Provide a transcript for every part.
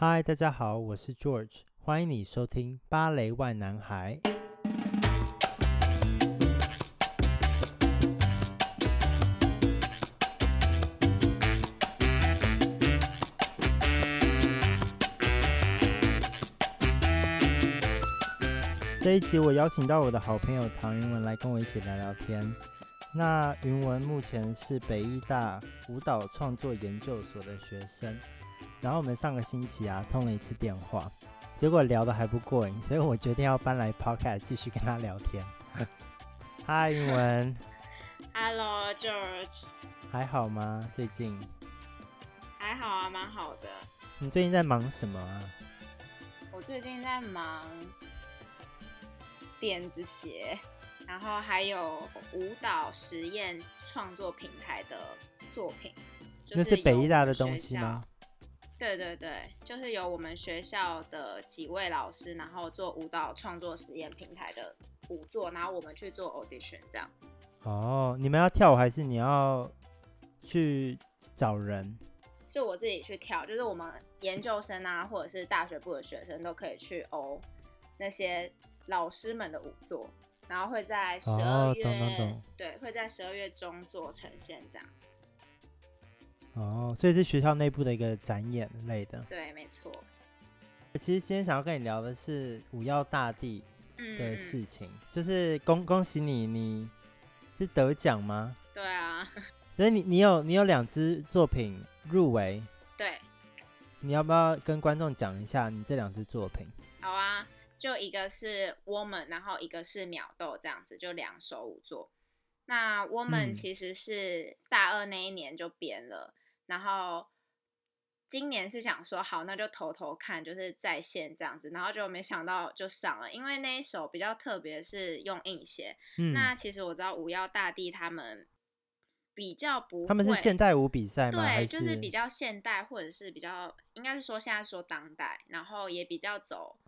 嗨，大家好，我是 George，歡迎你收聽《芭蕾 why 男孩》。這一集我邀請到我的好朋友唐筠雯來跟我一起聊聊天。那筠雯目前是北藝大舞蹈創作研究所的學生。然後我們上個星期啊通了一次電話，結果聊得還不過癮，所以我決定要搬來 Podcast 繼續跟他聊天。嗨 筠雯，Hello George，還好嗎？最近還好啊，蠻好的。你最近在忙什麼啊？我最近在忙點子寫，然後還有舞蹈實驗創作平台的作品，就是。那是北藝大的東西嗎？對對對，就是由我們學校的幾位老師，然後做舞蹈創作實驗平台的舞作，然後我們去做 audition，這樣。哦，你們要跳舞還是你要去找人？是我自己去跳，就是我們研究生啊，或者是大學部的學生都可以去哦。那些老師們的舞作，然後會在十二月，oh, don't don't. 對，會在十二月中做呈現這樣子。哦、oh,，所以是學校內部的一個展演類的。對，沒錯。其實今天想要跟你聊的是舞耀大地的事情，嗯、就是恭恭喜你，你是得獎嗎？對啊。所以你你有你有兩支作品入圍。對。你要不要跟觀眾講一下你這兩支作品？好啊，就一個是 Woman，然後一個是淼鬥，這樣子就兩首舞作。那 Woman 其實是大二那一年就編了。嗯然後今年是想說好，那就投投看，就是在線這樣子。然後就沒想到就上了，因為那一首比較特別，是用硬鞋、嗯。那其實我知道舞耀大地他們比較不會，他們是現代舞比賽嗎？對，是就是比較現代，或者是比較應該是說現在說當代，然後也比較走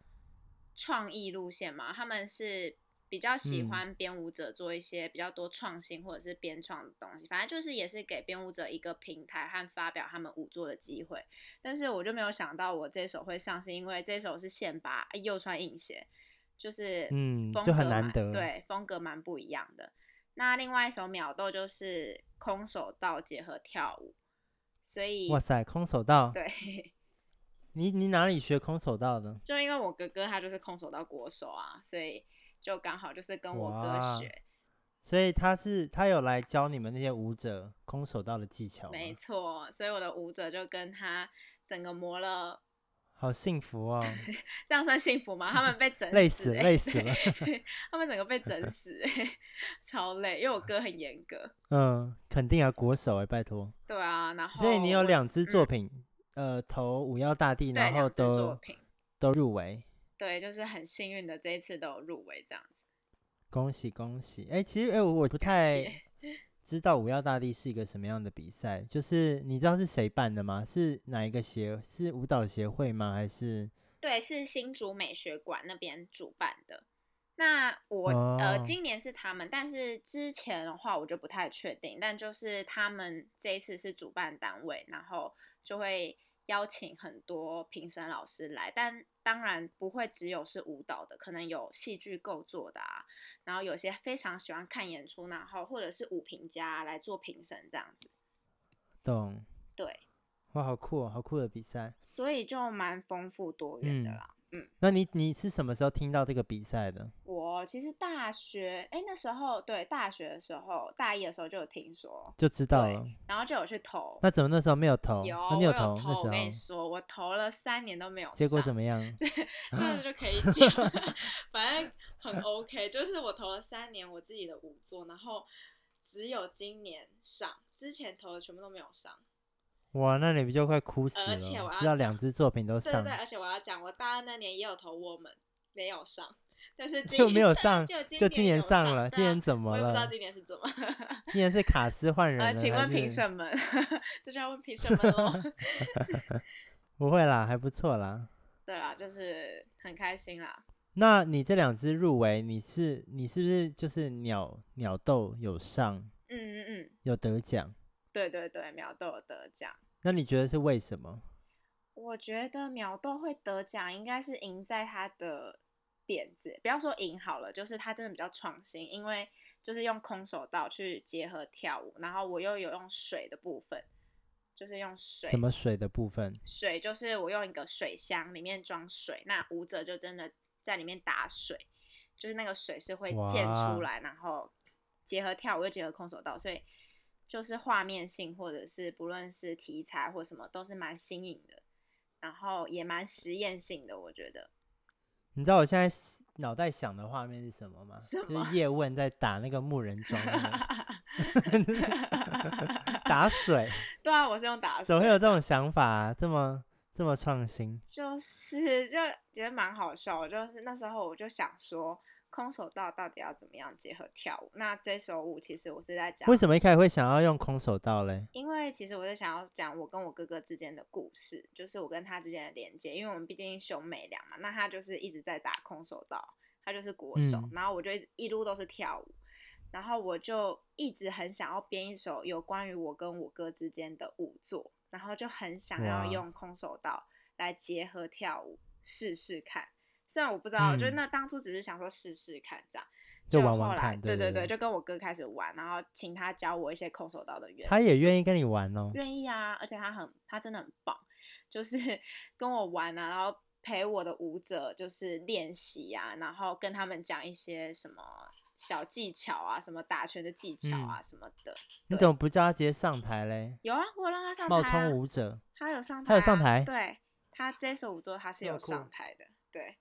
創意路線嘛。他們是。比較喜歡編舞者做一些比較多創新或者是編創的東西，嗯，反正就是也是給編舞者一個平台和發表他們舞作的機會。但是我就沒有想到我這首會上，是因為這首是現拔又穿硬鞋，就是嗯，就很難得，對，風格蠻不一樣的。那另外一首淼鬥就是空手道結合跳舞，所以哇塞，空手道，對，你你哪裡學空手道的？就因為我哥哥他就是空手道國手啊，所以。就剛好就是跟我哥學，所以他是他有來教你們那些舞者空手道的技巧，沒錯。所以我的舞者就跟他整個磨了，好幸福啊、哦！ 這樣算幸福嗎？他們被整死、欸、 累死，累死了， 他們整個被整死、欸，哎， 超累，因為我哥很嚴格。嗯，肯定啊，國手哎、欸，拜託。對啊，然後所以你有兩支作品，嗯、呃，投《舞耀大地》，然後都都入圍。對，就是很幸運的，這一次都入圍這樣子，恭喜恭喜！哎、欸，其實哎、欸，我不太知道舞耀大地是一個什麼樣的比賽，就是你知道是誰辦的嗎？是哪一個協？是舞蹈協會嗎？還是？對，是新竹美學館那邊主辦的。那我、哦、呃，今年是他們，但是之前的話我就不太確定。但就是他們這一次是主辦單位，然後就會。邀請很多評審老師來，但當然不會只有是舞蹈的，可能有戲劇構作的啊，然後有些非常喜歡看演出，然後或者是舞評家來做評審這樣子。懂。對。哇，好酷哦，好酷的比賽。所以就蠻豐富多元的啦。嗯。嗯，那你你是什麼時候聽到這個比賽的？我其實大學，哎、欸，那時候對大學的時候，大一的時候就有聽說，就知道了。然後就有去投。那怎麼那時候沒有投？有，那你有投，有投。那時候我跟你說，我投了三年都沒有上。結果怎麼樣？這 個就可以講， 反正很 OK。就是我投了三年我自己的舞作，然後只有今年上，之前投的全部都沒有上。哇，那你不就快哭死了？知道兩支作品都上了。對,對對，而且我要講，我大二那年也有投 Women，沒有上，但是今年沒有上, 就今有上，就今年上了、啊。今年怎麼了？我也不知道今年是怎麼。 今年是卡司換人了。呃、請問評審們？這就要問評審們？嘍。 不會啦，還不錯啦。對啦，就是很開心啦。那你這兩支入圍，你是你是不是就是淼淼鬥有上？嗯嗯嗯，有得獎。對對對，淼鬥有得獎，那你覺得是為什麼？我覺得淼鬥會得獎，應該是贏在他的點子，不要說贏好了，就是他真的比較創新，因為就是用空手道去結合跳舞，然後我又有用水的部分，就是用水什麼水的部分？水就是我用一個水箱裡面裝水，那舞者就真的在裡面打水，就是那個水是會濺出來，然後結合跳舞又結合空手道，所以。就是畫面性，或者是不論是題材或什麼，都是蠻新穎的，然後也蠻實驗性的。我覺得，你知道我現在腦袋想的畫面是什麼嗎？什麼？就是葉問在打那個木人樁， 打水。對啊，我是用打水。怎麼會有這種想法啊？這麼這麼創新？就是就覺得蠻好笑。就是那時候我就想說。空手道到底要怎麼樣結合跳舞？那這首舞其實我是在講為什麼一開始會想要用空手道嘞？因為其實我是想要講我跟我哥哥之間的故事，就是我跟他之間的連接，因為我們畢竟兄妹倆嘛。那他就是一直在打空手道，他就是國手，嗯、然後我就一直，一路都是跳舞，然後我就一直很想要編一首有關於我跟我哥之間的舞作，然後就很想要用空手道來結合跳舞試試看。雖然我不知道，嗯、我覺得那當初只是想說試試看這樣，就玩玩看後來。對對對對對對，對對對，就跟我哥開始玩，然後請他教我一些空手道的原。他也願意跟你玩哦？願意啊，而且他很，他真的很棒，就是跟我玩啊，然後陪我的舞者就是練習啊，然後跟他們講一些什麼小技巧啊，什麼打拳的技巧啊、嗯、什麼的。你怎麼不叫他直接上台嘞？有啊，我讓他上台、啊。冒充舞者。他有上台、啊。他有上台。對，他這首舞作他是有上台的，對。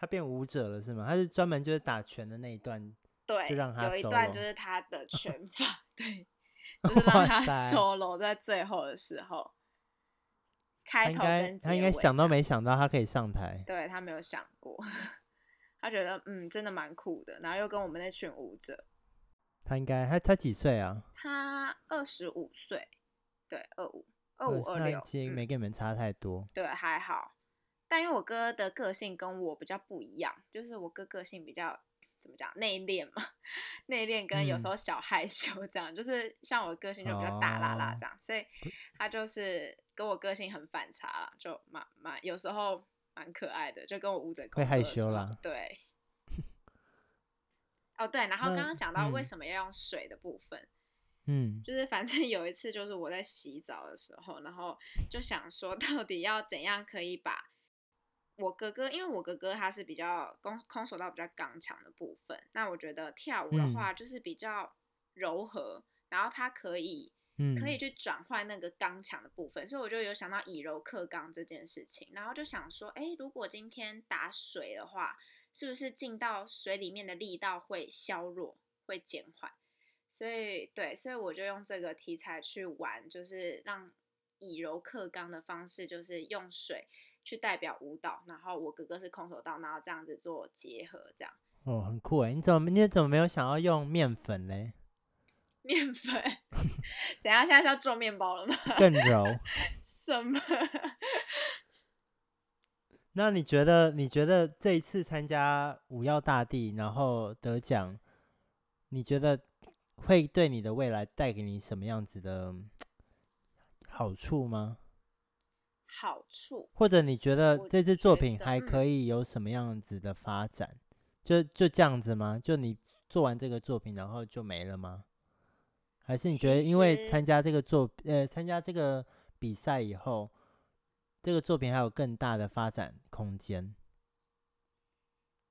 他變舞者了是嗎？他是專門就是打拳的那一段，對，就讓他有一段就是他的拳法， 對，就是，讓他 solo 在最後的時候。開頭他，他應該想都沒想到他可以上台，對，他沒有想過， 他覺得嗯真的蠻酷的，然後又跟我們那群舞者。他應該他他幾歲啊？他二十五歲，對，二五二五二六，沒跟你們差太多，嗯、對，還好。但因為我哥的個性跟我比較不一樣，就是我哥個性比較，怎麼講，內斂嘛，內斂跟有時候小害羞這樣，嗯、就是像我個性就比較大啦啦這樣，哦，所以他就是跟我個性很反差，就蠻蠻有時候蠻可愛的，就跟我捂着會害羞了。對。 哦對，然後剛剛講到為什麼要用水的部分，嗯，就是反正有一次就是我在洗澡的時候，然後就想說到底要怎樣可以把。我哥哥，因為我哥哥他是比較空空手道比較剛強的部分，那我覺得跳舞的話就是比較柔和，嗯、然後他可以、嗯、可以去轉換那個剛強的部分，所以我就有想到以柔克剛這件事情，然後就想說，哎、欸，如果今天打水的話，是不是進到水裡面的力道會削弱，會減緩？所以對，所以我就用這個題材去玩，就是讓以柔克剛的方式，就是用水。去代表舞蹈，然後我哥哥是空手道，然後這樣子做結合，這樣哦，很酷誒。你怎麼你怎麼沒有想要用麵粉呢？面粉， 等下現在是要做面包了嗎？更柔？ 什麼？那你覺得你覺得這一次參加舞耀大地，然後得獎，你覺得會對你的未來帶給你什麼樣子的好處嗎？好處，或者你覺得這支作品還可以有什麼樣子的發展？嗯、就就這樣子嗎？就你做完這個作品然後就沒了嗎？還是你覺得因為參加這個作呃參加這個比賽以後，這個作品還有更大的發展空間？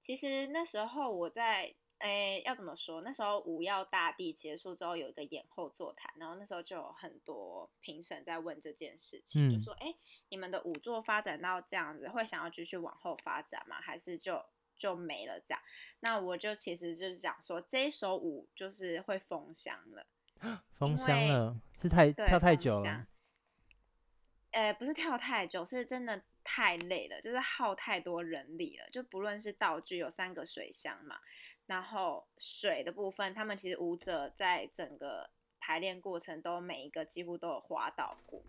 其實那時候我在。誒、欸，要怎麼說？那時候舞耀大地結束之後有一個演後座談，然後那時候就有很多評審在問這件事情，嗯、就說：“哎、欸，你們的舞作發展到這樣子，會想要繼續往後發展嗎？還是就就沒了這樣？”那我就其實就是講說，這一首舞就是會封箱了，封箱了，是太跳太久了，呃，不是跳太久，是真的太累了，就是耗太多人力了，就不論是道具，有三個水箱嘛。然後水的部分，他們其實舞者在整個排練過程都每一個幾乎都有滑倒過、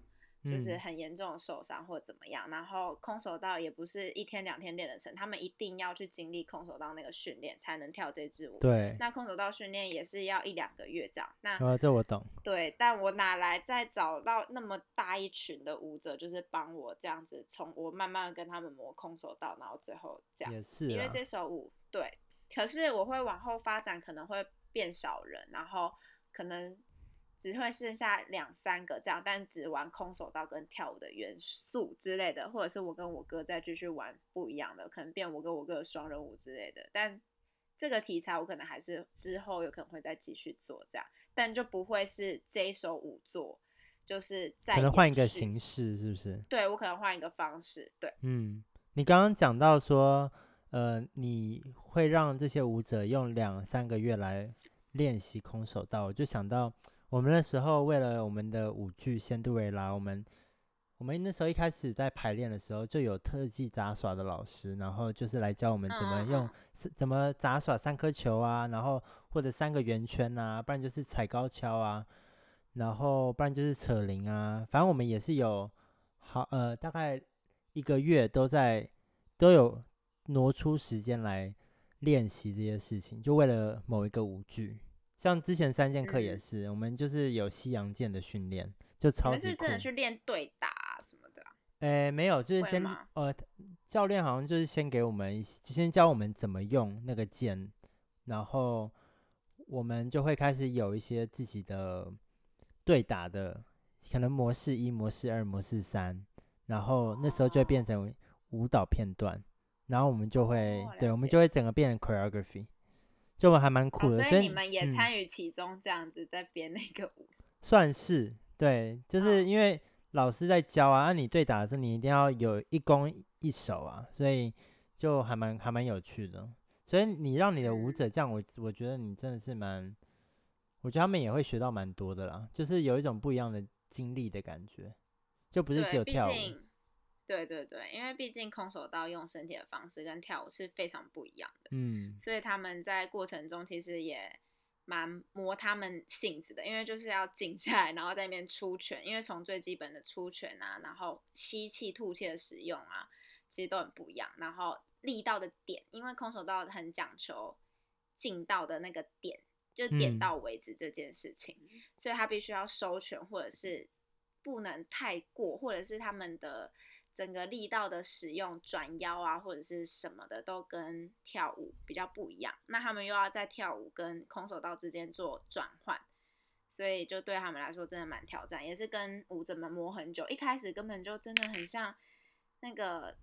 嗯，就是很嚴重的受傷或怎麼樣。然後空手道也不是一天兩天練得成，他們一定要去經歷空手道那個訓練才能跳這支舞。對，那空手道訓練也是要一兩個月這樣。那、哦、這我懂。對，但我哪來再找到那麼大一群的舞者，就是幫我這樣子從我慢慢跟他們磨空手道，然後最後這樣。也是、啊。因為這首舞，對。可是我會往後發展，可能會變少人，然後可能只會剩下兩三個這樣，但只玩空手道跟跳舞的元素之類的，或者是我跟我哥再繼續玩不一樣的，可能變我跟我哥的雙人舞之類的。但這個題材我可能還是之後有可能會再繼續做這樣，但就不會是這一首舞作，就是在可能換一個形式，是不是？對，我可能換一個方式。對，嗯，你剛剛講到說。呃，你會讓這些舞者用兩三個月來練習空手道？我就想到我們那時候為了我們的舞劇《仙度瑞拉》，我們我們那時候一開始在排練的時候就有特技雜耍的老師，然後就是來教我們怎麼用啊啊啊怎麼雜耍三顆球啊，然後或者三個圓圈啊，不然就是踩高蹺啊，然後不然就是扯鈴啊，反正我們也是有好呃大概一個月都在都有。挪出時間來練習這些事情，就為了某一個舞劇。像之前《三劍客》也是、嗯，我們就是有西洋劍的訓練，就超級。你是真的去練對打什麼的、啊？呃、欸，沒有，就是先呃，教練好像就是先給我們就先教我們怎麼用那個劍，然後我們就會開始有一些自己的對打的可能模式一、模式二、模式三，然後那時候就會變成舞蹈片段。哦然後我們就會，我對我們就會整個變成 choreography，就還蠻酷的。所以你們也參與其中？嗯，這樣子在編那個舞，算是對，就是因為老師在教啊，那，啊啊、你對打的時候，你一定要有一攻一守啊，所以就還蠻還蠻有趣的。所以你讓你的舞者這樣，嗯、我我覺得你真的是蠻，我覺得他們也會學到蠻多的啦，就是有一種不一樣的經歷的感覺，就不是只有跳舞。對對對，因為畢竟空手道用身體的方式跟跳舞是非常不一樣的，嗯，所以他們在過程中其實也蠻磨他們性子的，因為就是要靜下來，然後在那邊出拳，因為從最基本的出拳啊，然後吸氣吐氣的使用啊，其實都很不一樣，然後力道的點，因為空手道很講求勁道的那個點，就點到為止這件事情、嗯，所以他必須要收拳，或者是不能太過，或者是他們的。整個力道的使用、轉腰啊，或者是什麼的，都跟跳舞比較不一樣。那他們又要在跳舞跟空手道之間做轉換，所以就對他們來說真的蠻挑戰，也是跟舞者們磨很久。一開始根本就真的很像那個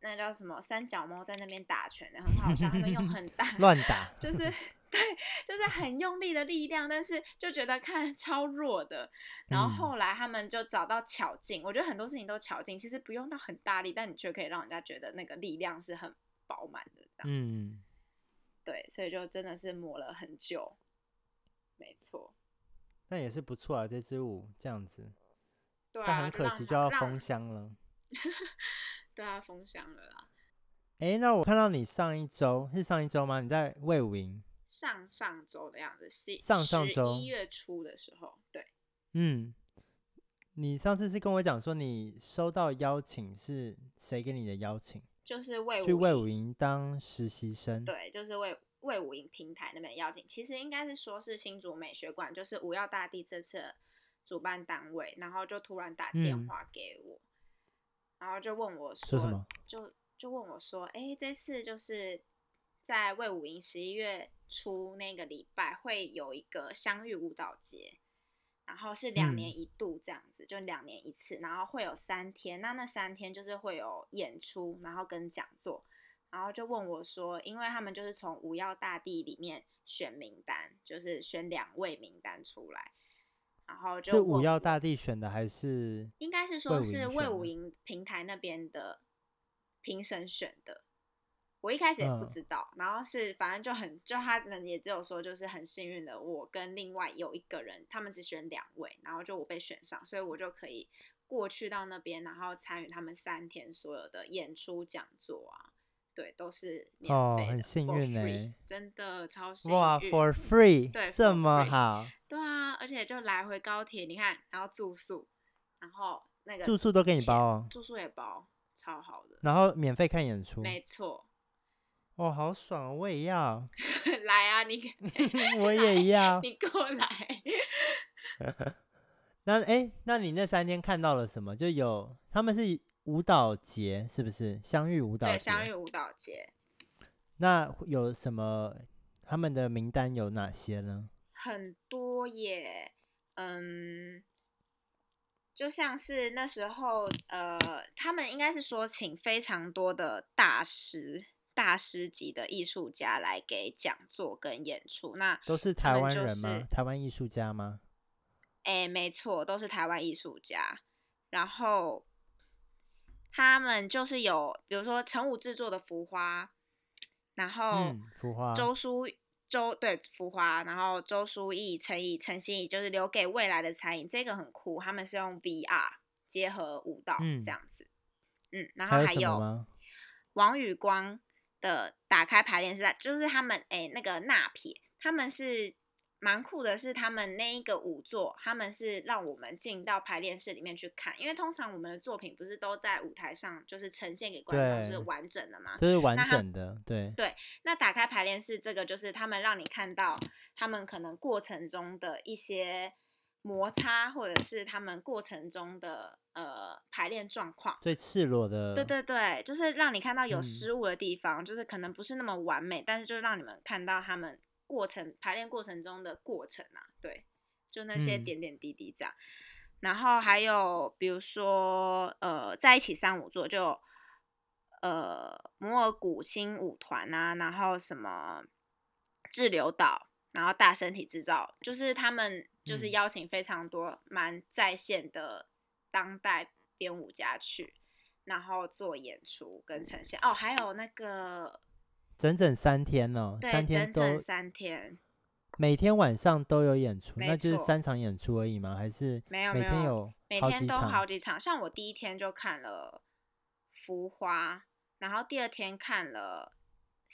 那叫什麼三腳貓在那邊打拳的，很好笑，他們用很大 亂打，就是。 對，就是很用力的力量，但是就覺得看超弱的。然後後來他們就找到巧勁、嗯，我覺得很多事情都巧勁，其實不用到很大力，但你卻可以讓人家覺得那個力量是很飽滿的。嗯，對，所以就真的是磨了很久。沒錯。那也是不錯啊，這支舞這樣子。對啊。但很可惜就要封箱了。 對啊，封箱了啦。哎、欸，那我看到你上一周是上一周嗎？你在衛武營。上上週的樣子，上上週一月初的時候，對。嗯，你上次是跟我講說你收到邀請是誰給你的邀請？就是衛武去衛武營當實習生，對，就是衛衛武營平台那邊的邀請。其實應該是說是新竹美學館，就是舞耀大地這次主辦單位，然後就突然打電話給我，嗯、然後就問我說，說什麼？就就問我說，哎、欸，這次就是。在衛武營十一月初那個禮拜會有一個相遇舞蹈節，然後是兩年一度這樣子，嗯，就兩年一次，然後會有三天。那那三天就是會有演出，然後跟講座，然後就問我說，因為他們就是從舞耀大地裡面選名單，就是選兩位名單出來，然後就舞耀大地選的還是的應該是說是衛武營平台那邊的評審選的。我一開始也不知道，嗯、然後是反正就很就他們也只有說就是很幸運的，我跟另外有一個人，他們只選兩位，然後就我被選上，所以我就可以過去到那邊，然後參與他們三天所有的演出、講座啊，對，都是免費哦，很幸運哎、欸，free, 真的超幸運哇，for free，對，free, 這麼好，對啊，而且就來回高鐵，你看，然後住宿，然後那個住宿都給你包啊，住宿也包，超好的，然後免費看演出，沒錯。哦，好爽、哦、我也要 來啊！你， 我也要。 你過來。 那誒、欸，那你那三天看到了什麼？就有他們是舞蹈節，是不是？相遇舞蹈節。對，相遇舞蹈節。那有什麼？他們的名單有哪些呢？很多耶，嗯，就像是那時候，呃，他們應該是說請非常多的大師。大師級的藝術家來給講座跟演出，那、就是、都是台灣人嗎？台灣藝術家嗎？哎、欸，沒錯，都是台灣藝術家。然後他們就是有，比如說陳武製作的《浮花》，然後《浮、嗯、花》周書周，對《浮花》，然後周書毅、陳芯、陳芯宜，就是留給未來的殘影，這個很酷。他們是用 VR 結合舞蹈，這樣子。嗯。嗯，然後還有，還有王宇光的打開排練室，就是他們哎、欸，那個那撇，他們是蠻酷的，是他們那一個舞作，他們是讓我們進到排練室裡面去看，因為通常我們的作品不是都在舞台上，就是呈現給觀眾是完整的嘛，對，是完整的，就是完整的，對對。那打開排練室，這個就是他們讓你看到他們可能過程中的一些。摩擦，或者是他們過程中的呃排練狀況。最赤裸的。對對對，就是讓你看到有失誤的地方，嗯、就是可能不是那麼完美，但是就是讓你們看到他們過程排練過程中的過程啊，對，就那些點點滴滴這樣。嗯、然後還有比如說呃在一起三五座就，就呃摩爾古薪舞團啊，然後什麼滯留島。然後大身體制造就是他們就是邀請非常多、嗯、蠻在線的當代編舞家去，然後做演出跟呈現哦，還有那個整整三天呢、哦，三天，整整三天，每天晚上都有演出，那就是三場演出而已嗎？還是沒有每天有，每天都好幾場，像我第一天就看了《浮花》，然後第二天看了。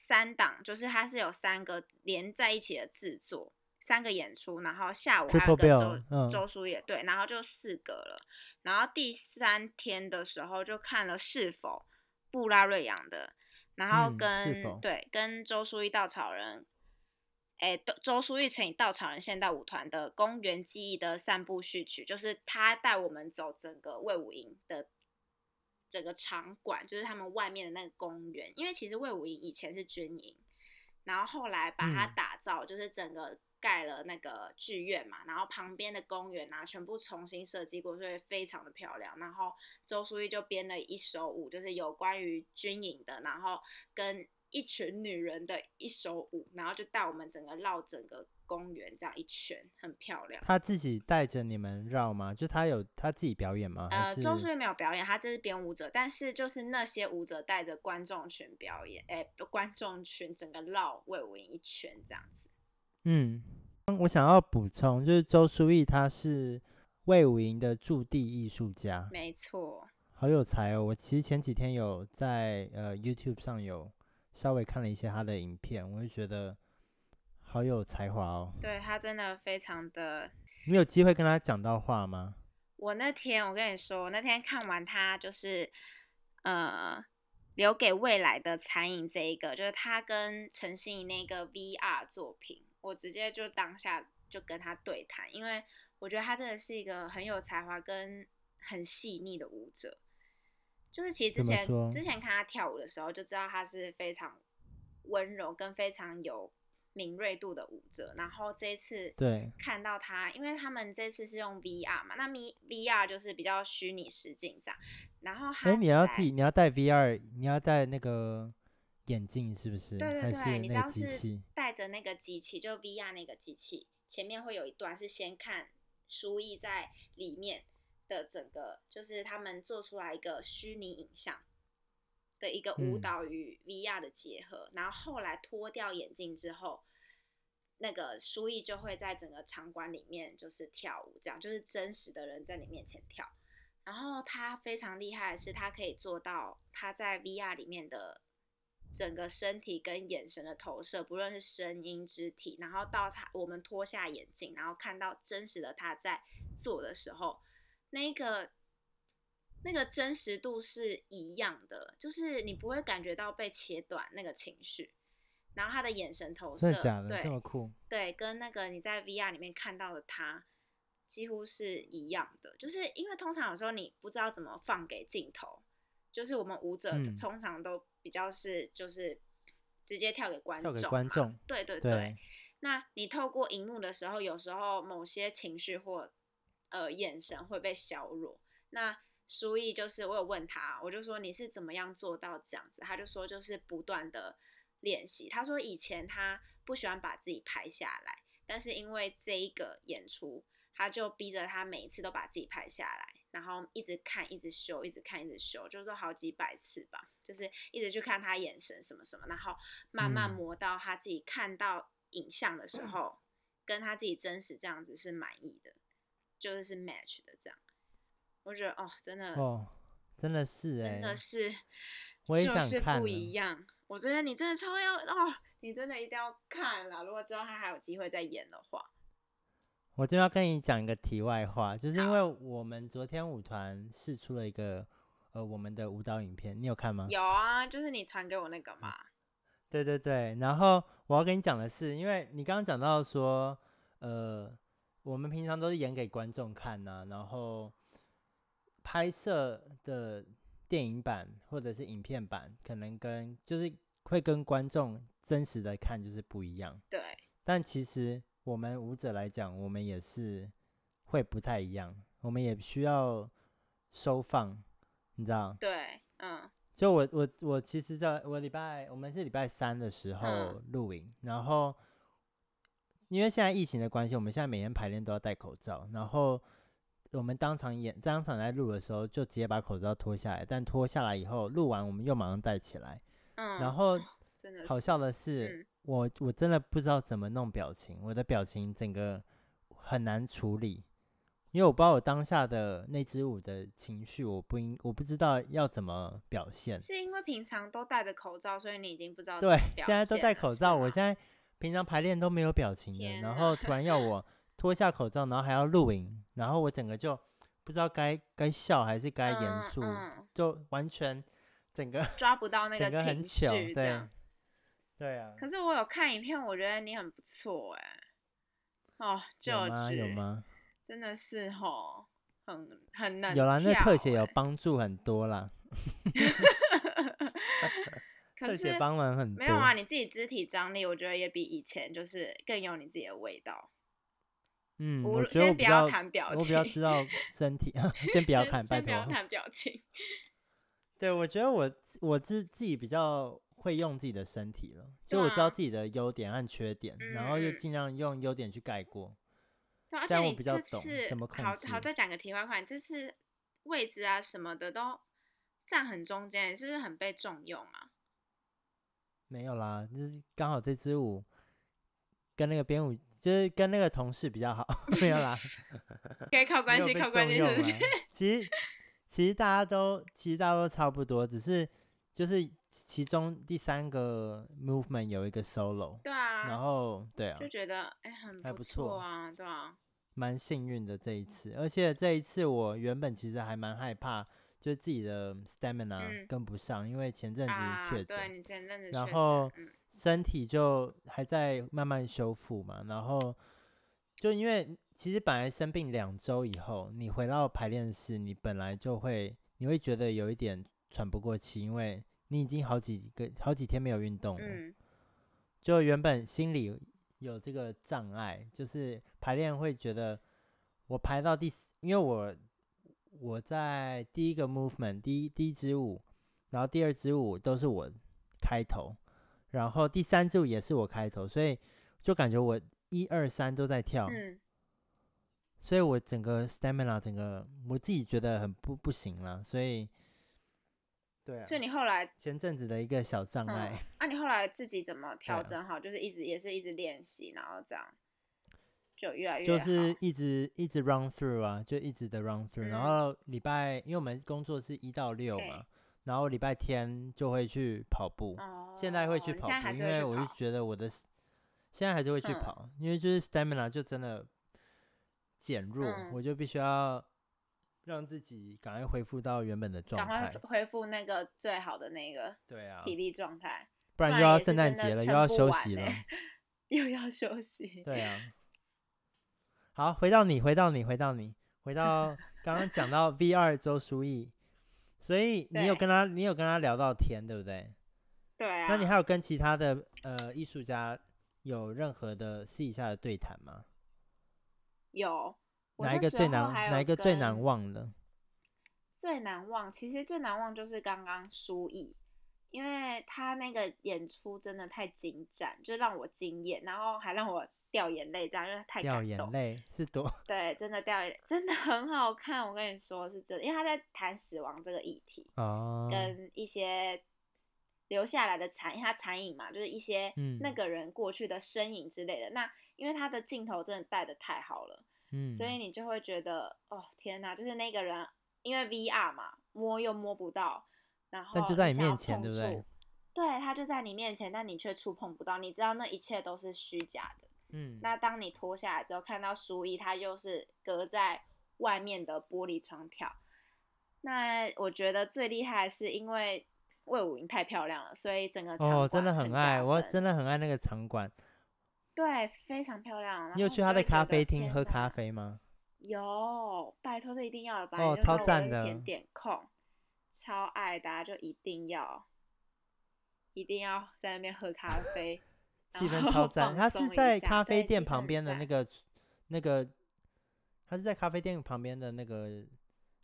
三檔就是它，是有三個連在一起的制作，三個演出，然後下午還有個周周、嗯、周書毅對，然後就四個了。然後第三天的時候就看了是否布拉瑞揚的，然後跟、嗯、對跟周書毅稻草人，哎，周周書毅成稻草人現代舞團的《公園記憶》的三部序曲，就是他帶我們走整個衛武營的。整個場館就是他們外面的那個公園，因為其實衛武營以前是軍營，然後後來把它打造、嗯，就是整個蓋了那個劇院嘛，然後旁邊的公園啊全部重新設計過，所以非常的漂亮。然後周淑怡就編了一首舞，就是有關於軍營的，然後跟一群女人的一首舞，然後就帶我們整個繞整個。公園這樣一圈很漂亮。他自己帶着你們繞嗎？就他有他自己表演嗎？呃，周書毅沒有表演，他這是編舞者，但是就是那些舞者帶着觀眾群表演，誒、欸，觀眾群整個繞衛武營一圈這樣子。嗯，我想要補充就是周書毅他是衛武營的駐地藝術家。沒錯。好有才哦！我其實前幾天有在呃 YouTube 上有稍微看了一些他的影片，我就覺得。好有才華哦！對他真的非常的。你有機會跟他講到話嗎？我那天我跟你說，我那天看完他就是呃留給未來的殘影這一個，就是他跟陳芯宜那個 VR 作品，我直接就當下就跟他對談，因為我覺得他真的是一個很有才華跟很細膩的舞者。就是其實之前之前看他跳舞的時候，就知道他是非常溫柔跟非常有。敏銳度的舞者，然後這一次對看到他，因為他們這次是用 V R 嘛，那咪 V R 就是比較虛擬實境這樣，然後以、欸、你要自己你要戴 V R，你要戴那個眼鏡是不是？對對對，你要是戴着那個機器，就 V R 那個機器，前面會有一段是先看書毅在裡面的整個，就是他們做出來一個虛擬影像的一個舞蹈與 V R 的結合，嗯、然後後來脫掉眼鏡之後。那個書毅就會在整個場館裡面就是跳舞，這樣就是真實的人在你面前跳。然後他非常厲害的是，他可以做到他在 VR 裡面的整個身體跟眼神的投射，不論是聲音、肢體，然後到他我們脫下眼鏡，然後看到真實的他在做的時候，那個那個真實度是一樣的，就是你不會感覺到被切斷那個情緒。然後他的眼神投射，真的假的？對，這麼酷？對，跟那個你在 VR 裡面看到的他幾乎是一樣的。就是因為通常有時候你不知道怎麼放給鏡頭，就是我們舞者通常都比較是就是直接跳給觀眾啊，跳給觀眾。對對對，對。那你透過熒幕的時候，有時候某些情緒或呃眼神會被削弱。那所以就是我有問他，我就說你是怎麼樣做到這樣子？他就說就是不斷的。練習，他說以前他不喜歡把自己拍下來，但是因為這一個演出，他就逼着他每一次都把自己拍下來，然後一直看，一直修，一直看，一直修，就是好幾百次吧，就是一直去看他眼神什麼什麼，然後慢慢磨到他自己看到影像的時候，嗯、跟他自己真實這樣子是滿意的，就是是 match 的這樣。我覺得哦，真的哦，真的是哎、欸，真的是，就是不一樣。我覺得你真的超要哦，你真的一定要看了。如果之後他還有機會再演的話，我就要跟你講一個題外話，就是因為我們昨天舞團釋出了一個呃我們的舞蹈影片，你有看嗎？有啊，就是你傳給我那個嘛。對對對，然後我要跟你講的是，因為你剛剛講到說，呃，我們平常都是演給觀眾看呢、啊，然後拍攝的。電影版或者是影片版，可能跟就是會跟觀眾真實的看就是不一樣。對。但其實我們舞者來講，我們也是會不太一樣，我們也需要收放，你知道，對，嗯。就我我我其實在我禮拜，我們是禮拜三的時候錄影，嗯、然後因為現在疫情的關係，我們現在每天排練都要戴口罩，然後。我們當場演、當場在錄的時候，就直接把口罩脫下來。但脫下來以後，錄完我們又馬上戴起來。嗯，然後，真的，好笑的是，嗯、我我真的不知道怎麼弄表情，我的表情整個很難處理，因為我不知道我當下的那支舞的情緒，我不應，我不知道要怎麼表現。是因為平常都戴着口罩，所以你已經不知道對，現在都戴口罩、啊，我現在平常排練都沒有表情的，然後突然要我。呵呵脫下口罩，然後還要錄影，然後我整個就不知道該該笑還是該嚴肅，嗯嗯、就完全整個抓不到那個情緒，這樣、啊。對啊。可是我有看影片，我覺得你很不錯哎、欸。哦，就嗎？有嗎？真的是吼，很很難、欸。有啦，那特寫，有幫助很多啦。 特寫幫忙很多。沒有啊，你自己肢體張力，我覺得也比以前就是更有你自己的味道。嗯，我覺得我比較，我比較知道身體 先不要看，拜託， 先不要談表情。對，我覺得我我自自己比較會用自己的身體了，啊、就我知道自己的優點和缺點，嗯、然後又盡量用優點去蓋過。但、我比較懂怎麼控制、嗯、而且這次好好再講個題外話，你這次位置啊什麼的都站很中間，是不是很被重用啊？沒有啦，就是剛好這支舞跟那個編舞。就是跟那個同事比較好，沒有啦。 可以靠關係，靠關係，是不是？其實其實大家都其實大家都差不多，只是就是其中第三個 movement 有一個 solo。對啊。然後對啊。就覺得、欸、很不錯啊，還不錯，對啊。蠻幸運的這一次，而且這一次我原本其實還蠻害怕，就是自己的 stamina 跟不上、嗯，因為前陣子確診。啊、對你前陣子確診，然後、嗯身體就還在慢慢修復嘛，然後就因為其實本來生病兩周以後，你回到排練室，你本來就會你會覺得有一點喘不過氣，因為你已經好幾個好幾天沒有運動了，就原本心裡有這個障礙，就是排練會覺得我排到第四，因為我我在第一個 movement 第一第一支舞，然後第二支舞都是我開頭。然後第三就也是我開頭，所以就感覺我一二三都在跳，嗯、所以我整個 stamina 整個我自己覺得很不不行了，所以對啊。所以你後來前陣子的一個小障礙，嗯、啊，你後來自己怎麼調整好？啊、就是一直也是一直練習，然後這樣就越來越好，就是一直一直 run through 啊，就一直的 run through，嗯、然後禮拜因為我們工作是一到六嘛。欸然後禮拜天就會去跑步，哦、現在，會去，、哦、現在會去跑步，因為我就覺得我的、嗯、現在還是會去跑，因為就是 stamina 就真的減弱、嗯，我就必須要讓自己趕快恢復到原本的狀態，恢復那個最好的那個對啊體力狀態、啊，不然又要聖誕節了，了又要休息了，又要休息，對啊。好，回到你，回到你，回到你，回到剛剛講到 V 二周書逸。 所以你有跟他，你有跟他聊到天，對不對？對啊。那你還有跟其他的呃藝術家有任何的私下的對談嗎？有。哪一個最難？哪一個最難忘的？最難忘，其實最難忘就是剛剛舒藝，因為他那個演出真的太精湛，就讓我驚艷，然後還讓我掉眼淚，這樣，因為他太感動，掉眼淚是多，對，真的掉眼淚，真的很好看。我跟你說的是真的，因為他在談死亡這個議題哦，oh. 跟一些留下來的殘他殘影嘛，就是一些那個人過去的身影之類的。嗯、那因為他的鏡頭真的帶得太好了，嗯，所以你就會覺得哦天哪，就是那個人，因為 VR 嘛，摸又摸不到，然後想要碰觸，但就在你面前，對不對？對，他就在你面前，但你卻觸碰不到。你知道那一切都是虛假的。嗯， 那當你脫下來之後，看到書衣它就是隔在外面的玻璃窗跳。那我覺得最厲害是因為衛武營太漂亮了，所以整個場哦真的很愛，我真的很愛那個場館。對，非常漂亮。你有去他的咖啡廳喝咖啡嗎？有，拜托，這一定要有吧？哦，超讚的，甜點控，超愛，啊，大家就一定要，一定要在那邊喝咖啡。 氣氛超讚，哦，他是在咖啡店旁邊的那個那個，他是在咖啡店旁邊的那個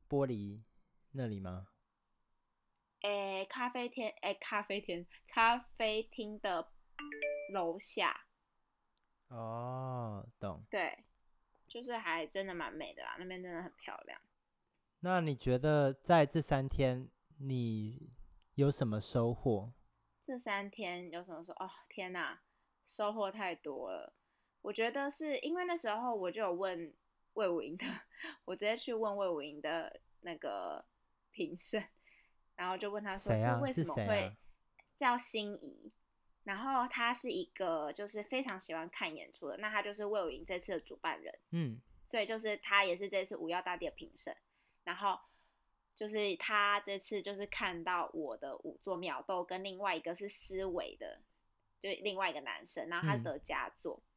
玻璃那裡嗎？誒、欸，咖啡廳，誒、欸，咖啡廳，咖啡廳的樓下。哦，懂。對，就是還真的蠻美的啦，那邊真的很漂亮。那你覺得在這三天你有什麼收穫？這三天有什麼收穫？哦，天哪，啊！收穫太多了，我覺得是因為那時候我就有問衛武營的，我直接去問衛武營的那個評審，然後就問他說是為什麼會叫心儀、啊啊，然後他是一個就是非常喜歡看演出的，那他就是衛武營這次的主辦人，嗯，所以就是他也是這次舞耀大地的評審，然後就是他這次就是看到我的舞作淼鬥跟另外一個是思維的。就另外一個男生，然後他得佳作、嗯，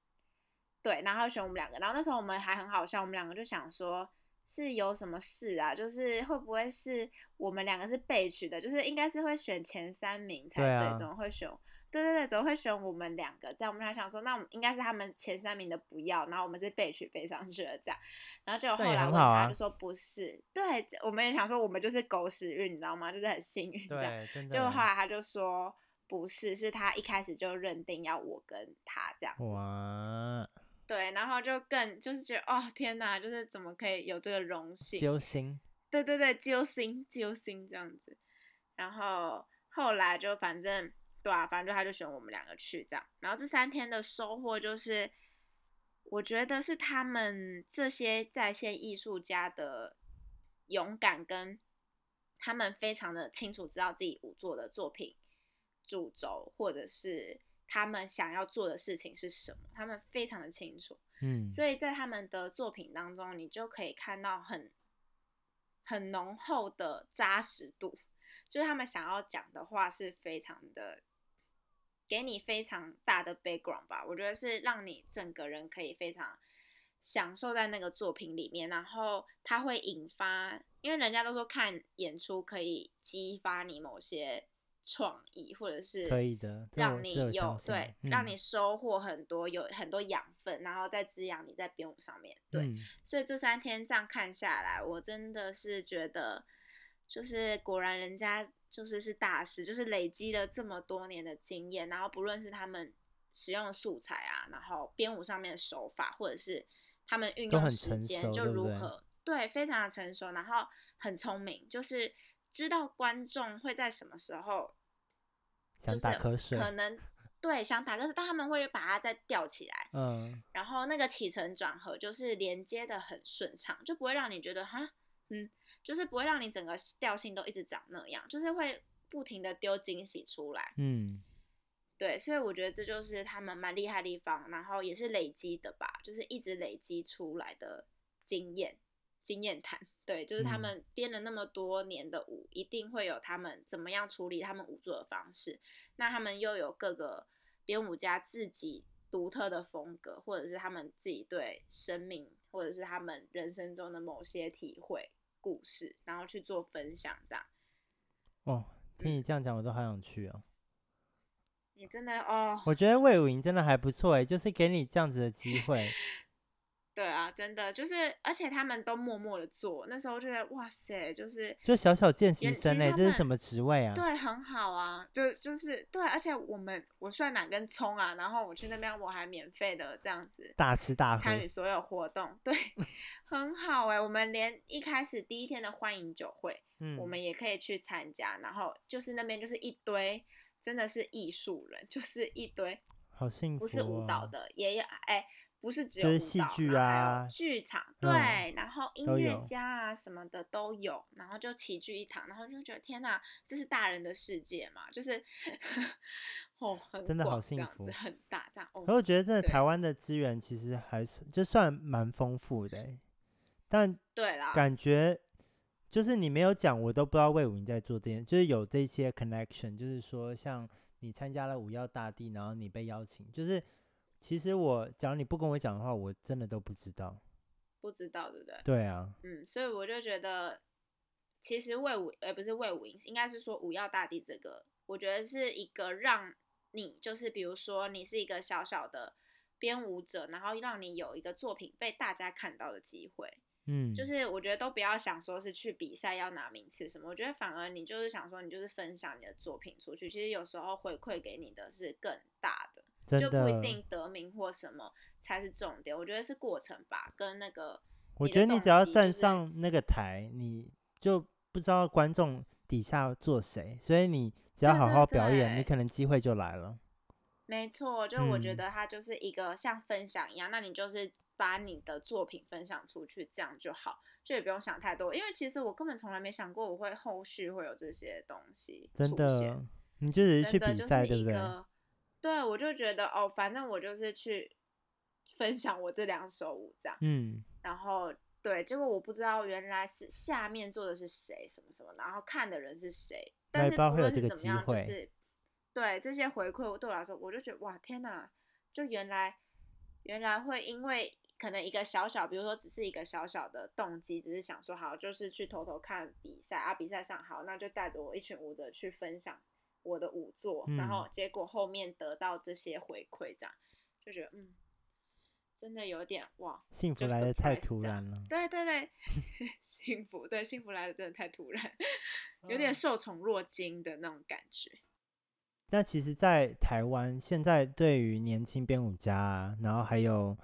對，然後他選我們兩個，然後那時候我們還很好笑，我們兩個就想說，是有什麼事啊？就是會不會是我們兩個是備取的？就是應該是會選前三名才對、嗯，怎麼會選？對對對，怎麼會選我們兩個？這樣我們還想說，那應該是他們前三名的不要，然後我們是備取備上去了這樣，然後就後來問他，他就說不是對、啊，對，我們也想說我們就是狗屎運，你知道嗎？就是很幸運這樣，就後來他就說。不是，是他一開始就認定要我跟他這樣子，哇對，然後就更就是覺得哦天哪，就是怎麼可以有這個榮幸揪心，對對對，揪心揪心這樣子，然後後來就反正對啊，反正就他就選我們兩個去這樣，然後這三天的收穫就是，我覺得是他們這些在線藝術家的勇敢跟他們非常的清楚知道自己舞作的作品。主軸或者是他們想要做的事情是什麼，他們非常的清楚，嗯，所以在他們的作品當中，你就可以看到很很濃厚的扎實度，就是他們想要講的話是非常的，給你非常大的 background 吧，我覺得是讓你整個人可以非常享受在那個作品裡面，然後它會引發，因為人家都說看演出可以激發你某些。創意或者是可以的，讓你有，有對、嗯，讓你收穫很多，有很多養分，然後再滋養你在編舞上面。對、嗯，所以這三天這樣看下來，我真的是覺得，就是果然人家就是是大師，就是累積了這麼多年的經驗，然後不論是他們使用的素材啊，然後編舞上面的手法，或者是他們運用時間，就如何對，對，對，非常的成熟，然後很聰明，就是。知道觀眾會在什麼時候想打瞌睡，就是、可能對想打瞌睡，但他們會把它再吊起來，嗯，然後那個起承轉合就是連接得很順暢，就不會讓你覺得哈，嗯，就是不會讓你整個調性都一直長那樣，就是會不停地丟驚喜出來，嗯，對，所以我覺得這就是他們蠻厲害的地方，然後也是累積的吧，就是一直累積出來的經驗經驗談。對，就是他們編了那麼多年的舞，嗯、一定會有他們怎麼樣處理他們舞作的方式。那他們又有各個編舞家自己獨特的風格，或者是他們自己對生命，或者是他們人生中的某些體會故事，然後去做分享，這樣。哦，聽你這樣講，我都好想去哦、啊嗯。你真的哦，我覺得衛武營真的還不錯哎、欸，就是給你這樣子的機會。 對啊，真的就是，而且他們都默默的做，那時候覺得哇塞，就是就小小見習生哎、欸，這是什麼職位啊？對，很好啊，就就是對，而且我們我算哪根蔥啊？然後我去那邊我還免費的這樣子大吃大喝，參與所有活動，對， 很好哎、欸，我們連一開始第一天的歡迎酒會，嗯， 我們也可以去參加，然後就是那邊就是一堆真的是藝術人，就是一堆好幸福。不是舞蹈的、啊、也有哎。欸不是只有戲劇、就是、啊，劇場、嗯、對，然後音樂家啊什麼的都有,都有，然後就齊聚一堂，然後就覺得天哪，這是大人的世界嘛，就是哦，真的好幸福，很大這樣。哦、我覺得，真的台灣的資源其實還是就算蠻豐富的，但對啦，感覺就是你沒有講，我都不知道衛武營在做這些，就是有這些 connection，就是說像你參加了舞耀大地，然後你被邀請，就是。其實我，假如你不跟我講的話，我真的都不知道，不知道對不對？對啊，嗯，所以我就覺得，其實衛武哎，欸、不是衛武營，應該是說舞耀大地這個，我覺得是一個讓你，就是比如說你是一個小小的編舞者，然後讓你有一個作品被大家看到的機會，嗯，就是我覺得都不要想說是去比賽要拿名次什麼，我覺得反而你就是想說你就是分享你的作品出去，其實有時候回饋給你的是更大的。真的就不一定得名或什麼才是重點，我覺得是過程吧，跟那個、就是。我覺得你只要站上那個台，你就不知道觀眾底下坐誰，所以你只要好好表演，對對對，你可能機會就來了。對對對，沒錯，就我覺得它就是一個像分享一樣，嗯、那你就是把你的作品分享出去，這樣就好，就也不用想太多，因為其實我根本從來沒想過我會後續會有這些東西出現。真的你就只是去比賽，對不對，對？就是對，我就覺得哦，反正我就是去分享我這兩首舞，這樣。嗯。然後，對，結果我不知道原來是下面坐的是誰，什麼什麼，然後看的人是誰。但是不論是怎麼樣，就是，這對這些回饋，對我來說，我就覺得哇，天哪、啊！就原來，原來會因為可能一個小小，比如說只是一個小小的動機，只是想說好，就是去偷偷看比賽啊，比賽上好，那就帶着我一群舞者去分享。我的舞作，然後結果後面得到這些回饋，這樣、嗯、就覺得嗯，真的有點哇，幸福來得太突然了。對對對， 幸福對，幸福來得真的太突然，嗯、有點受寵若驚的那種感覺。那其實，在台灣現在對於年輕編舞家啊，然後還有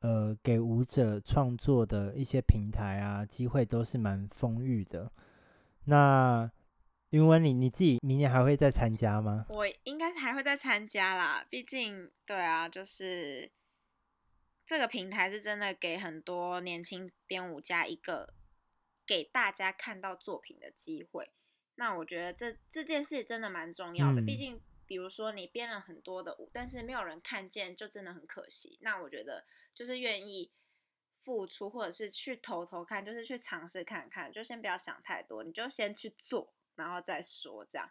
呃給舞者創作的一些平台啊，機會都是蠻豐裕的。那筠雯，你你自己明年還會再參加嗎？我應該還會再參加啦，畢竟對啊，就是這個平台是真的給很多年輕編舞家一個給大家看到作品的機會。那我覺得這這件事真的蠻重要的，畢竟、嗯、比如說你編了很多的舞，但是沒有人看見，就真的很可惜。那我覺得就是願意付出，或者是去投投看，就是去嘗試看看，就先不要想太多，你就先去做。然後再說，這樣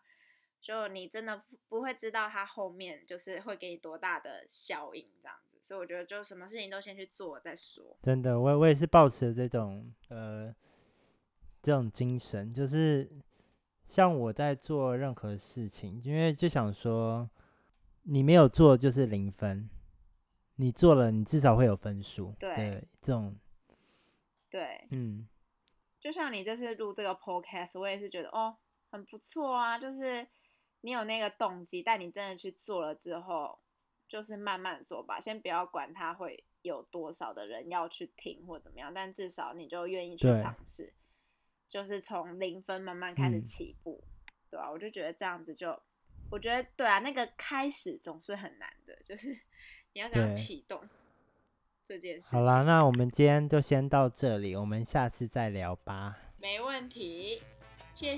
就你真的不會知道它後面就是會給你多大的效應，這樣子。所以我覺得，就什麼事情都先去做再說。真的，我我也是抱持這種呃這種精神，就是像我在做任何事情，因為就想說，你沒有做就是零分，你做了你至少會有分數。對，這種對，嗯，就像你這次錄這個 Podcast，我也是覺得哦。很不錯啊，就是你有那個動機，但你真的去做了之後，就是慢慢做吧，先不要管它會有多少的人要去聽或怎麼樣，但至少你就願意去嘗試，就是從零分慢慢開始起步，嗯、對吧、啊？我就覺得這樣子就，我覺得對啊，那個開始總是很難的，就是你要這樣啟動這件事。好啦，那我們今天就先到這裡，我們下次再聊吧。沒問題。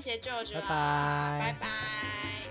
謝謝舅舅，拜拜，拜拜。